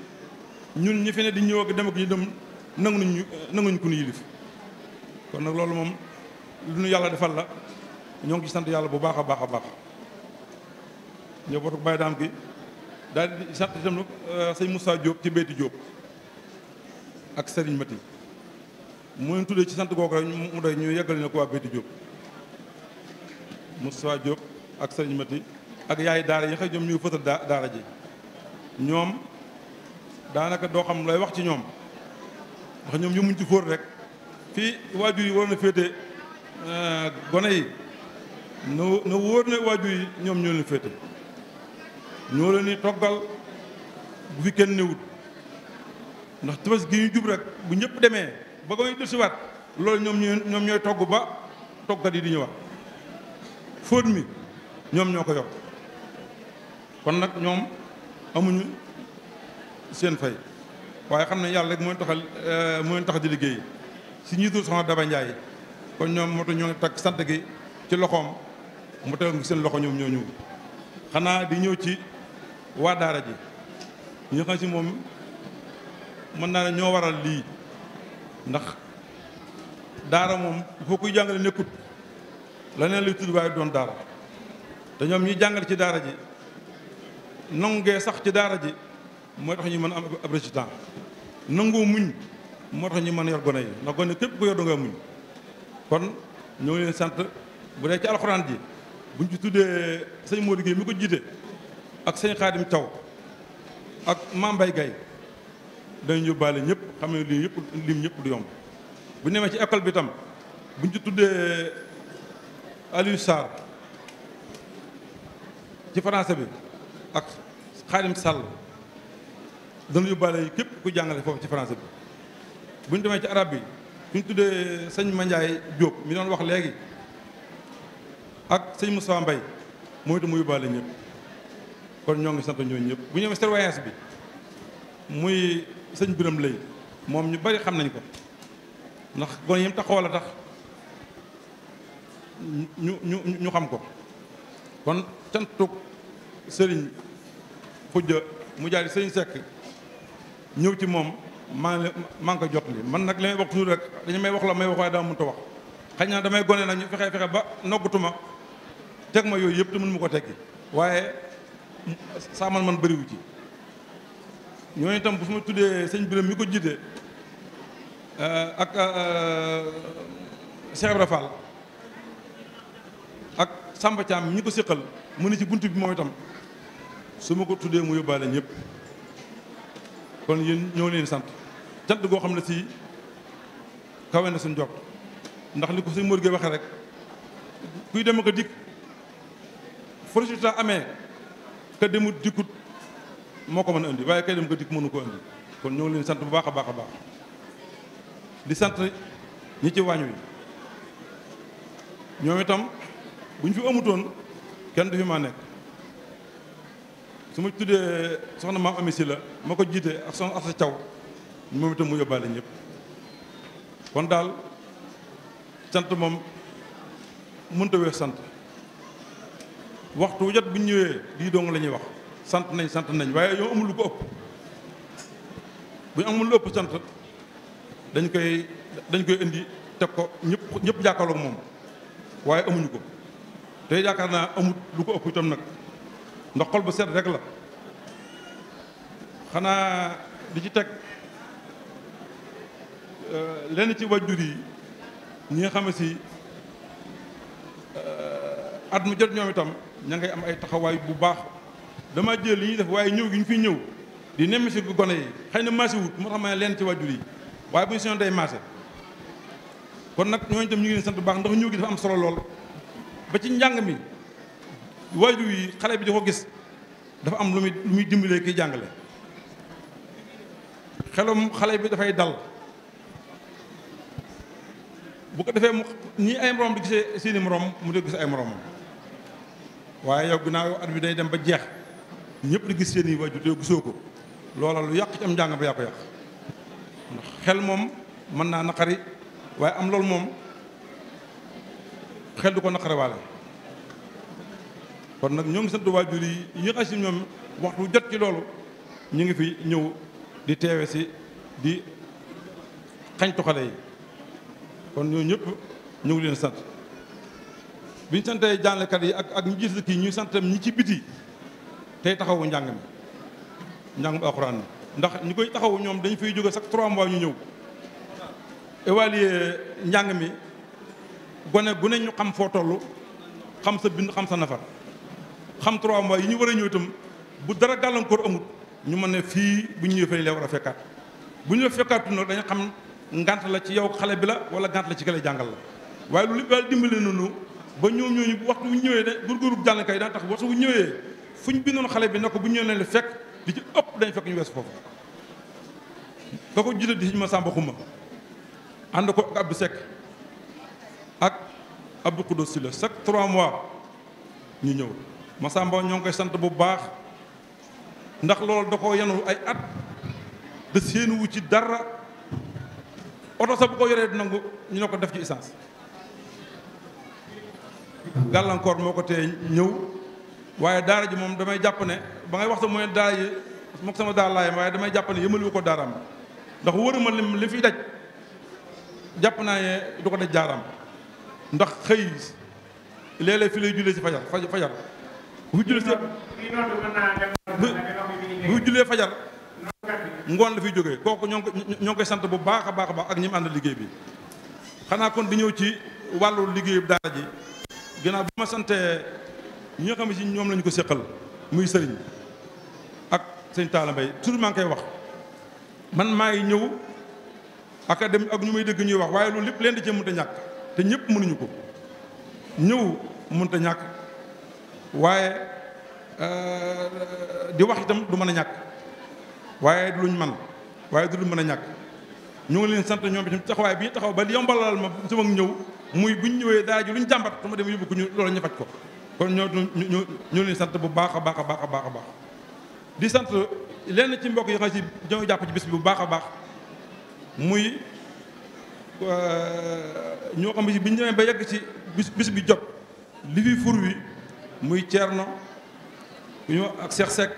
ñun ñi fi ne di ñëw ak dem ak ñu dem nangu nañu nanguñu ku ñu yilif kon nag loolu moom lu ñu yàlla defal la ñoo ngi sant yàlla bu baax a baax a baax njabootu Baye gi daal di sant itam euh, sëñ Moussa Diop ci Béyti Diop ak Serigne Mati mu leen tuddee ci sant googu rek mu doy ñu yeggale na ko waa Béyti Diop Moussa Diop ak Serigne Mati ak yaay daara yi xëy ñoom ñuy ñoom daanaka doo xam lay wax ci ñoom ndax ñoom yëmuñ ci fóor rek fii waajur yi waroon a féete euh, gone yi na na wóor ne waajur yi ñoom ñoo leen féete ñoo leen di toggal bu fi kenn newut ndax tefes gi ñu jub rek bu ñëpp demee ba ngay desiwaat loolu ñoom ñoom ñooy togg ba toggat yi di wax fóot mi ñoom ñoo ko yor kon nag ñoom amuñu seen fay waaye xam na yàlla rek mooy taxal euh, mooy tax di liggéey si njiitul soxna Daba Ndiaye kon ñoom moo ñoo takk sant gi ci loxoom mu tegal seen loxo ñoom ñoo ñëw xanaa di ñëw ci. waa daara ji ñi xam si moom mën naa ne ñoo waral lii ndax daara moom foo kuy jàngale nekkut la neen luy tudd waaye doon daara te ñoom ñi jàngale ci daara ji nangee sax ci daara ji mooy tax ñu mën am ab résultat nangoo muñ moo tax ñu mën yor gone yi ndax gone képp ko yor danga muñ kon ñoo ngi leen sant bu dee ci alxuraan ji buñ ci tuddee sëñ Modou Guèye mi ko jiite ak sëñ xaadim caw ak mambay gay dañu yóbbaale ñëpp xam ne lii yëpp lim ñëpp du yomb bu demee ci école bi tam bu ñu ci tuddee Aliou Sarr ci français bi ak xaadim Sall dañu yóbbaale képp ku jàngale foofu ci français bi bu ñu demee ci arab bi bu ñu tuddee sëñ Mandiaye Diop mi doon wax léegi ak sëñ Moussa Mbaye mooy itam mu yóbbaale ñëpp kon ñoo ngi sant ñooñu ñëpp bu ñëwee surveillance bi muy sëñ Biram Lay moom ñu bari xam nañ ko ndax gone yim taxawal a tax ñu ñu ñu xam ko kon cantuk sëriñ xujja mu jaar sëriñ Seck ñëw ci moom maa ngi maa ko jot li man nag li may wax toujours rek dañ may wax la may wax waaye daa mënut a wax na damay gone nag ñu fexee fexe ba noggutuma teg ma yooyu yëpp te mënu ma ko teggi waaye saa man man bëriwu ci ñooñu itam bu fi ma tuddee sëñ biram mi ko jiite eh, ak eh, Cheikh Ibra ak Samba Thiam ñi ko séqal mu ne ci bunt bi moom itam su ma ko tuddee mu yóbbaale ñëpp kon yéen ñëw leen sant cant goo xam ne si kawe suñ jot ndax li ko suñ Mor Gueye waxee rek kuy dem ak a dikk résultat amee ka demut dikkut moo ko mën a indi waaye kay dem ko dikk mënu ko indi kon ñoo ngi sant bu baax a baax a baax di sant ñi ci wi ñoom itam bu ñu fi amutoon kenn du fi maa nekk su ma tuddee soxna maam ami si la ma ko jiite ak soxna caw Thiaw moom itam mu yóbbaale ñëpp kon daal sant moom mënta a weex sant waxtu wu jot bu ñu ñëwee lii dong la ñuy wax sant nañ sant nañ waaye yow amul lu ko ëpp bu ñu amul lu ëpp sant dañ koy dañ koy indi teg ko ñëpp ñëpp jàkkaarloog moom waaye amuñu ko te yaakaar naa amut lu ko ëpp itam nag ndax xol bu set rek la xanaa di ci teg eh, lenn ci wajjur yi ñi nga xam si eh, at mu jot ñoom itam ña ngay am ay taxawaay bu baax dama jël li ñuy def waaye ñëw gi ñu fi ñëw di nemm si gone yi xëy na maase wut moo tax ma leen ci wàjjur yi waaye bu ñu seen day maase kon nag ñooñu tam ñu ngi leen sant ñëw gi am solo lool ba ci njàng mi wàjjur yi xale bi di gis dafa am lu muy muy dimbalee kiy jàngale xelum xale bi dafay dal bu ko defee mu ñii ay morom di gisee seeni moroom mu di gis ay moromam waaye yow ginnaaw yow at bi day dem ba jeex ñëpp di gis seen i waajur yow gisoo ko loola lu yàq ci am njàng ba yàqu yàq ndax xel moom mën naa naqari waaye am loolu moom xel du ko naqari waale kon nag ñoo ngi sant waajur yi yi nga xam si ñoom waxtu jot ci loolu ñu ngi fi ñëw di teewe si di xañtu xale yi kon ñoo ñëpp ñëw ngi leen sant bi ñu santee jàngalekat yi ak ak ñu gis kii ñuy santam ñi ci biti tey taxawu njàng mi njàngum alxuraan mi ndax ñu koy taxawu ñoom dañu fay jóge chaque trois mois ñu ñëw évaluer njàng mi gone gu ne ñu xam foo toll xam sa bind xam sa nafar xam trois mois yi ñu war a ñëw itam bu dara gàllankoor amut ñu mën ne fii bu ñu ñëwee fay lee war a fekkaat bu ñu la fekkaatu nag dañu xam ngànt la ci yow xale bi la wala ngant la ci kale jàngal la waaye lu ba ñoom ñooñu waxtu wu ñëwee da gurgurub jàngkay daan tax waxtu bu ñëwee fu ñu bindoon xale bi ne ko bu ñëwee nañ la fekk li ci ëpp dañ fekk ñu wees foofu ka ko jiite di siñ ma sàmba xuma ànd ko ak Abdou Seck ak Abdou Koudou Sylla chaque trois mois ñu ñëw Masamba ñoo ngi koy sant bu baax ndax loolu da ko yanu ay at da séenuwu ci dara oto sax bu ko yoree nangu ñu ne ko def ci essence gàllankoor moo ko tee ñëw waaye daara ji moom damay jàpp ne ba ngay waxta mu ne daara ji mook sama daara waaye damay jàpp ne yëmaliwu ko daaraam ndax wëruma lim li fi daj jàpp naa ne ko daj daaraam ndax xëy léeg fi lay jullee si fajar fajar bu jullee si bu jullee fajar ngoon la fi jóge kooku ñoo ngi koy sant bu baax a baax a baax ak ñi mu ànd liggéey bi xanaa kon di ñëw ci wàllu liggéeyu daara ji ginnaaw bi ma santee ñi xam ne si ñoom lañu ko séqal muy sëriñ ak sëñ Talla Mbaye toujours maa koy wax man maa ngi ñëw dem ak ñu may dégg ñuy wax waaye loolu lépp leen di cee mënta ñàkk te ñëpp mënuñu ko ñëw mënta ñàkk waaye euh, di wax itam du mën a ñàkk waaye du luñ man waaye du luñ mën a ñàkk ñu ngi leen sant ñoom bi itam taxawaay bii taxaw ba yombalal ma sama ñëw muy bu ñu ñëwee daara ji lu ñu jàmbat su ma dem yóbbu ko ñu loolu ñu faj ko kon ñoo ñu ñu leen sant bu baax a baax a baax a baax di sant lenn ci mbokk yi nga si ñoo jàpp ci bis bi bu baax baax muy euh, ñoo xam ne si bi ci bis bis bi jot li fi fur wi muy Thierno ñoo ak Cheikh Seck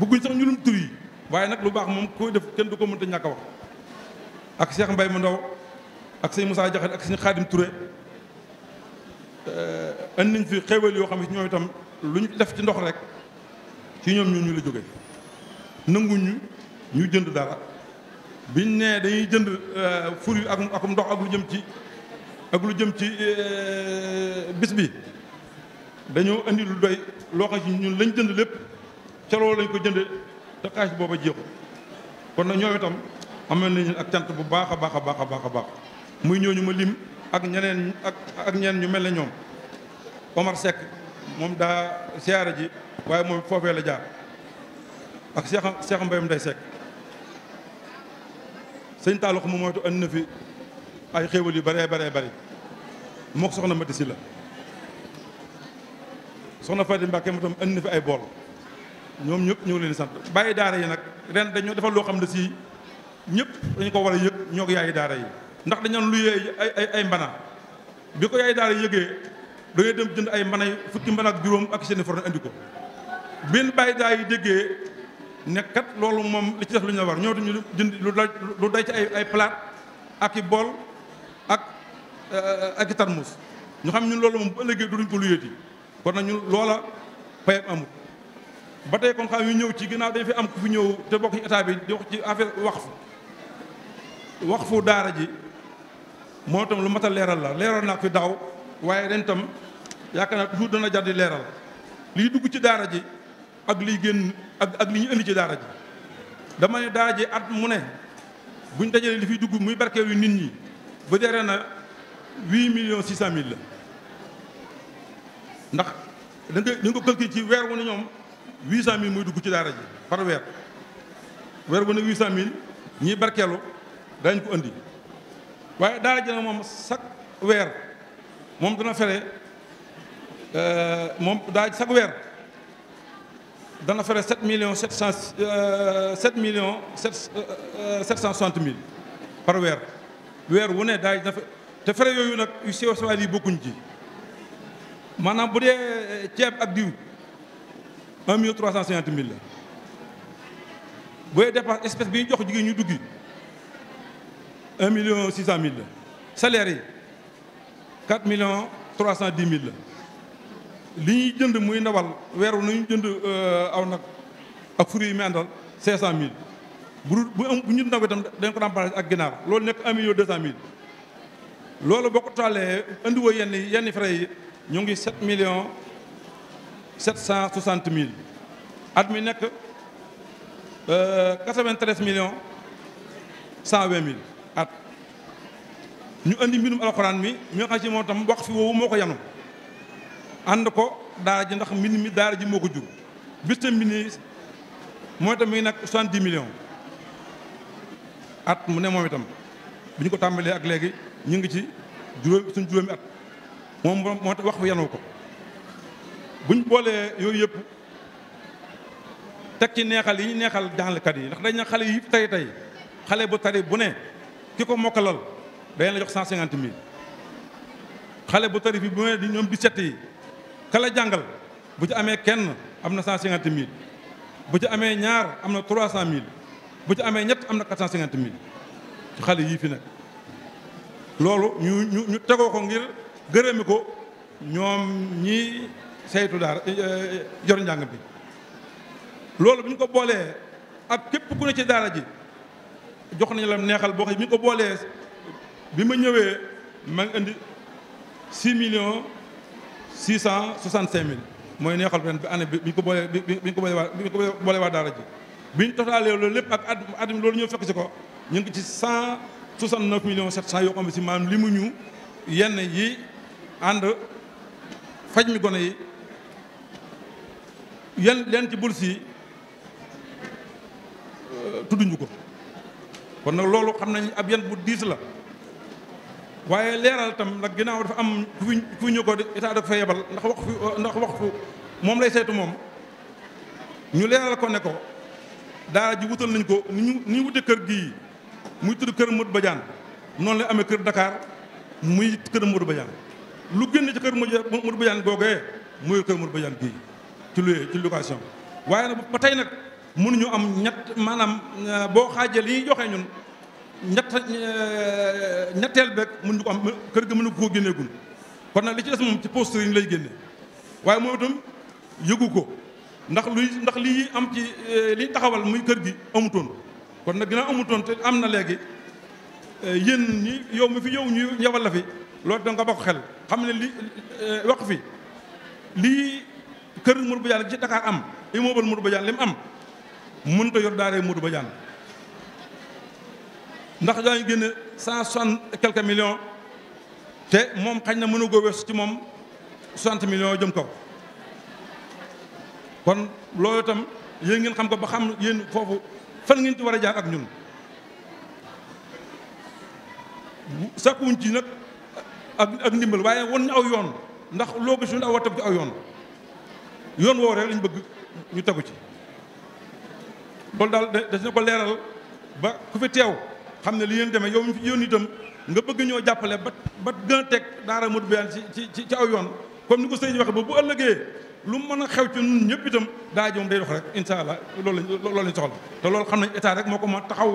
bëgguñ sax ñu lum tur yi waaye nag lu baax moom koy def kenn du ko mënta ñàkk a wax ak Cheikh mbay mu ndaw ak sëñ Moussa Diakhaté ak sëñ Khadim Touré euh, indi nañ fi xéewal yoo xam ne ñoom itam lu ñu def ci ndox rek ci ñoom ñoo ñu la jóge nanguñu ñu jënd dara biñ nee dañuy jënd euh, fur yi ak akum ndox ak jëm ci ak lu jëm ci euh, bis bi dañoo indi lu doy loo xam ci ñun lañ jënd lépp ca loolu lañ ko jënd te xaalis booba jeexul kon nag ñoom itam am nañu ak cant bu baax a baax a baax a baax a baax muy ñëw ñu ma lim ak ñeneen ak ak ñeneen ñu mel na ñoom Omar Seck moom daa siyaare ji waaye moom foofee la jaar ak Seex Seex Mbayam Ndey Seck sëñ Tallou Khouma moytu andi na fi ay xéewal yu bëree baree bëri moo soxna Mati Si la soxna Fadi Mbàkke mu tam andi na fi ay bool ñoom ñëpp ñoo leen sant bàyyi daara yi nag reen dañoo defal loo xam ne si ñëpp dañu ko war a yëg ñoo ko yaayi daara yi ndax dañoon lu ay ay ay mbana bi ko yaay daal yëgee dañuy dem jënd ay mbana fukki mbana ak juróom ak seeni forn andi ko benn bàyyi daal yi déggee ne loolu moom li ci def lu ñu war ñëwatuñu jënd lu day lu day ci ay ay palaat ak i bool ak eh, ak i tarmus ñu xam ñu loolu moom bu ëllëgee duñ ko luyeeti kon nag ñun loola payam amul ba tey kon xam yu ñëw ci ginnaaw dañ fi am ku fi ñëw te bokk ci état bi di wax ci affaire waqf waqfu daara ji moo itam lu mat leeral la leeral naa ko daaw waaye ren itam yaakaar naa toujours dana jar di leeral liy dugg ci daara ji ak liy génn ak ak li ñu indi ci daara ji dama ne daara ji at mu ne buñ dajalee li fiy dugg muy barkeel nit ñi ba dee na huit millions six cent mille ndax da nga da ko calculé ci weer wu ne ñoom huit dugg ci daara ji par weer ne huit mille ñiy barkeelu daañu ko indi waaye daal ji moom chaque weer moom dana fere euh, moom daara ji weer dana fere sept million sept cent euh, sept millions euh, sept cent soixante mille par weer weer wu ne daara ji dana yooyu nag yu sew sawal yi bokkuñ ci maanaam bu dee ceeb ak diw un million trois cent cinquante mille la bu dee dépense espèce bi ñu jox jigéen ñu duggi un million six cent mille la salaire yi quatre millions trois cent dix mille la li ñuy jënd muy ndawal weeru nañu jënd euh, aw nag ak fruits yi mu àndal cinq cent mille bu bu am bu ñu ndaw itam dañ ko remplacé ak ginaar loolu nekk un million deux cent mille loolu boo ko taalee indiwoo yenn yenn frais yi ñu ngi sept million sept cent soixante mille at mi nekk euh, quatre-vingt-treize millions cent vingt mille at ñu indi mbirum alxuraan mi mi nga xam ci moom tam wax fi woowu moo ko yanu ànd ko daara ji ndax mbind mi daara ji moo ko jur bis tam mbind mooy tam mi nag soixante-dix millions at mu ne moom itam bi ñu ko tàmbalee ak léegi ñu ngi ci juróom suñ juróomi at moom moo tax wax fi yanu ko buñ boolee yooyu yëpp teg ci neexal yi ñu neexal jàngalekat yi ndax dañ na xale yi tey tey xale bu tari bu ne ki ko mokkalal dañ la jox cent cinquante mille xale bu tarif bi bu ne di ñoom bi sept yi kala jàngal bu ci amee kenn am na cent cinquante mille bu ci amee ñaar am na trois cent mille bu ci amee ñett am na quatre cent cinquante mille xale yii fi nag loolu ñu ñu tegoo ko ngir gërëmi ko ñoom ñi saytu daara eh, eh, yor njàng bi loolu bu ñu ko boolee ak képp ku ne ci daara ji jox nañu la neexal boo xam bi ñu ko boolee bi ma ñëwee indi ma million indi 6 millions 665 mille mooy neexal ren bi année bi ñu ko boolee bi ñu ko boolee waa bi ñu ko boolee waa daara ji bi ñu totaalee loolu lépp ak at at loolu ñëw fekk si ko ñu ngi ci 169 millions 700 yoo xam ne si maanaam li mu ñu yenn yi ànd faj mi gone yi yenn leen ci bul si euh, tudduñu ko kon nag loolu xam nañ ab yenn bu diis la waaye leeral tam nag ginnaaw dafa am ku ku ñu ko état dafa yebal ndax waxtu ndax waxtu moom lay saytu moom ñu leeral ko ne ko daara ji wutal nañ ko ni ñu ni wute kër gi muy tudd kër Modou bajaan noonu lay amee kër Dakar muy kër Modou Badiane lu génn ci kër Modou Badiane googee muy kër Modou Badiane gii ci lu ci location waaye nag ba tey nag mënuñu am ñett maanaam euh, boo xaajee li ñuy joxe ñun ñett euh, ñetteel beeg mënuñu ko am kër ga mënu ko génneegul kon na li ci des moom ci poste yi lay génne waaye moom itam yëgu ko ndax luy ndax lii am ci euh, liy taxawal muy kër gi amutoon kon nag dina amutoon te am na léegi yéen ñi yow mi fi yow ñu yebal la fi loolu da nga bokk xel xam ne li wax fi lii kër Modou Badiane ci Dakar am immeuble Modou Badiane li mu am mënut a yor daaree ba Badiane ndax daañu génne cent soixante et quelques te moom xañ na mënu wes ci moom soixante millions jëm kaw kon loolu itam yéen ngeen xam ko ba xam yéen foofu fan ngeen ci war a jaar ak ñun sakkuwuñ ci nag ak ak ndimbal waaye won ñu aw yoon ndax loo gis ñu daa war tegu ci aw yoon yoon woo rek lañ bëgg ñu tegu ci loolu daal des na ko leeral ba ku fi teew xam ne li ngeen demee yow mi fi yoon itam nga bëgg ñoo jàppale bat ba gën a teg daara Modou Biane ci ci ci aw yoon comme ni ko sëñ bi waxee ba ëllëgee lu mën a xew ci ñun ñëpp itam daa jom rek incha allah loolu lañ loolu lañ soxla te loolu xam nañ état rek moo ko ma taxaw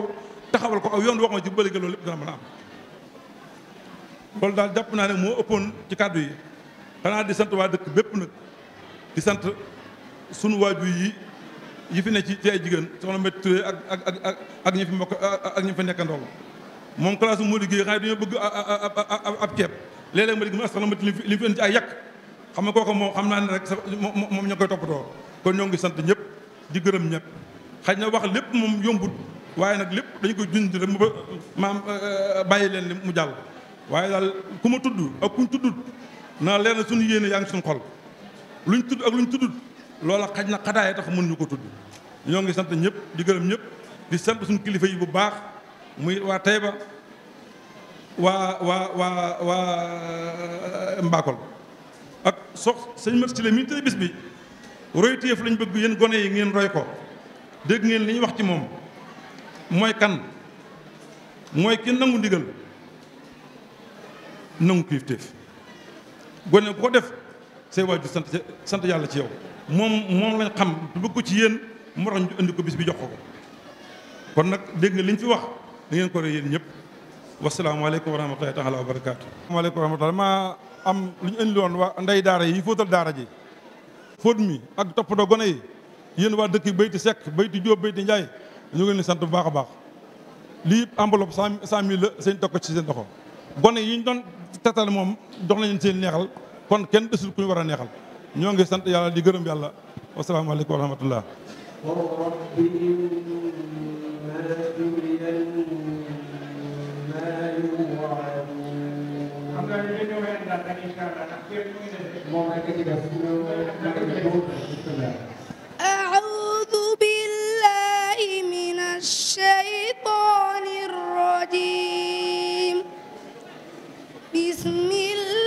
taxawal ko aw yoon wax ma ci bu ëllëgee loolu lépp dana mën a am loolu daal jàpp naa ne moo ëppoon ci kàddu yi xanaa di sant waa dëkk bépp nag di sant sunu waajur yi yi fi ne ci ci ay jigéen soxna Mbette Touré ak ak ak ñi fi mbokk ak ñi fa nekkandool moom classe moo liggéey xëy dañoo bëgg ab ceeb léeg ma ma soxna Mbette li li fi indi ci ay yàq xam nga kooku moom xam naa ne rek sa moom ñoo koy toppatoo kon ñoo ngi sant ñëpp di gërëm ñëpp xëy na wax lépp moom yombut waaye nag lépp dañu koy junj rek ba maam euh, euh, bàyyi leen mu jàll waaye daal ku ma tudd ak kuñ tuddut naa leer na suñu yéene yaa ngi suñu xol luñ tudd ak luñ tuddut loola xaj na xataaya tax mën ñu ko tudd ñoo ngi sant ñëpp di gërëm ñëpp di sant suñu kilifa yi bu baax muy waa Taïba waa waa waa waa euh, Mbakol ak sox sëñ Mate Sylla mi tey bis bi roy téef lañ bëgg yéen gone yi ngeen roy ko dégg ngeen li ñu wax ci moom mooy kan mooy ki nangu digal nangu kilifteef gone bu ko def say waajur sant sant yàlla ci yow moom moom lañ xam te bëgg ko ci yéen moo tax ñu indi ko bis bi jox ko ko kon nag dégg nga liñ fi wax da ngeen ko re yéen ñëpp wasalaamaaleykum wa rahmatullahi taala wa barakaatu waaleykum wa rahmatullahi maa am lu ñu indi woon waa ndey daara yi fóotal daara ji fóot mi ak toppandoo gone yi yéen waa dëkk bayti Seck bayti Diop bayti Ndiaye ñu ngi leen sant bu baax a baax lii enveloppe cent mille la seen tokko ci seen loxo gone yi ñu doon tatal moom jox nañu seen neexal kon kenn desul ku ñu war a neexal ñoo ngi sant yàlla di gërëm yàlla wasalaamaaleykum wa rahmatullah أعوذ بالله من الشيطان الرجيم بسم الله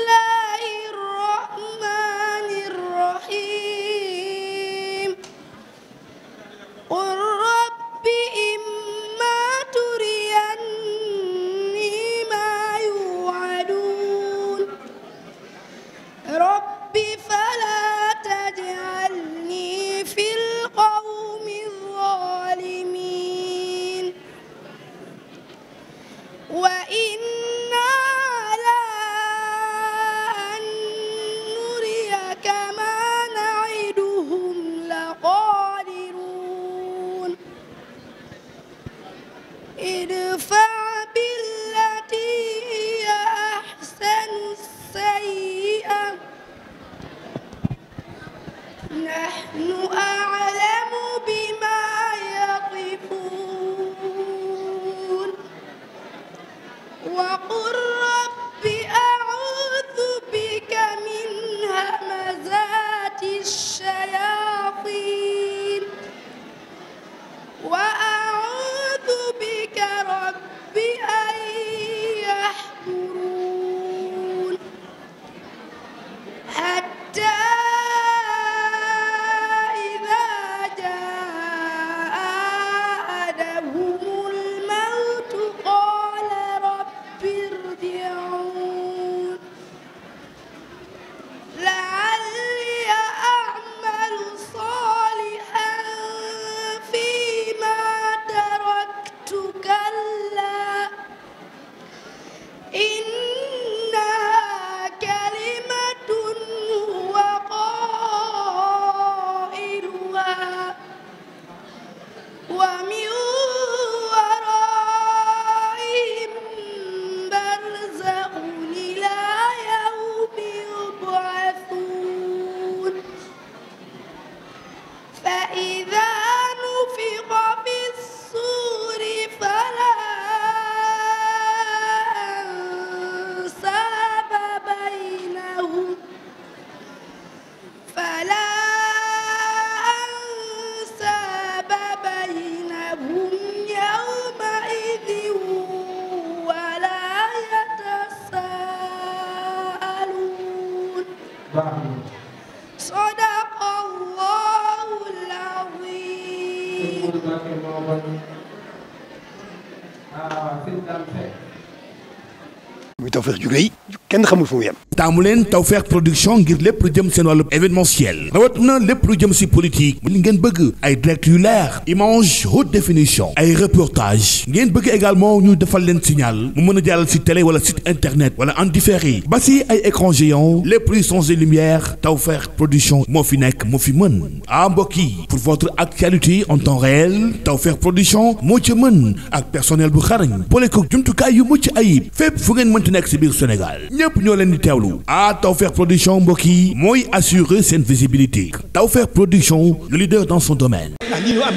Tawfekh ju rëy kenn xamul fu mu yem. taamu leen Tawfekh production ngir lépp lu jëm seen wàllu événementiel rawat na lépp lu jëm si politique li ngeen bëgg ay direct yu leer image haute définition ay reportage ngeen bëgg également ñu defal leen signal mu mën a jàllal si télé wala si internet wala en différé ba si ay écran géant les prix son et lumière Tawfekh production moo fi nekk moo fi mën ah mbokk yi pour votre actualité en temps réel Tawfekh production moo ci mën ak personnel bu xarañ boole ko jumtukaay yu mucc ayib fépp fu ngeen mënti nekk si biir Sénégal ñépp ñoo leen di teewlu ah Tawfekh production mbokk yi mooy assurer seen visibilité Tawfekh production le leader dans son domaine. Ah,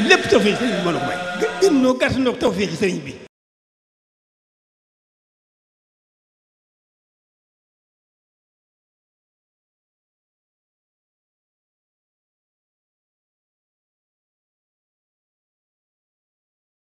am lépp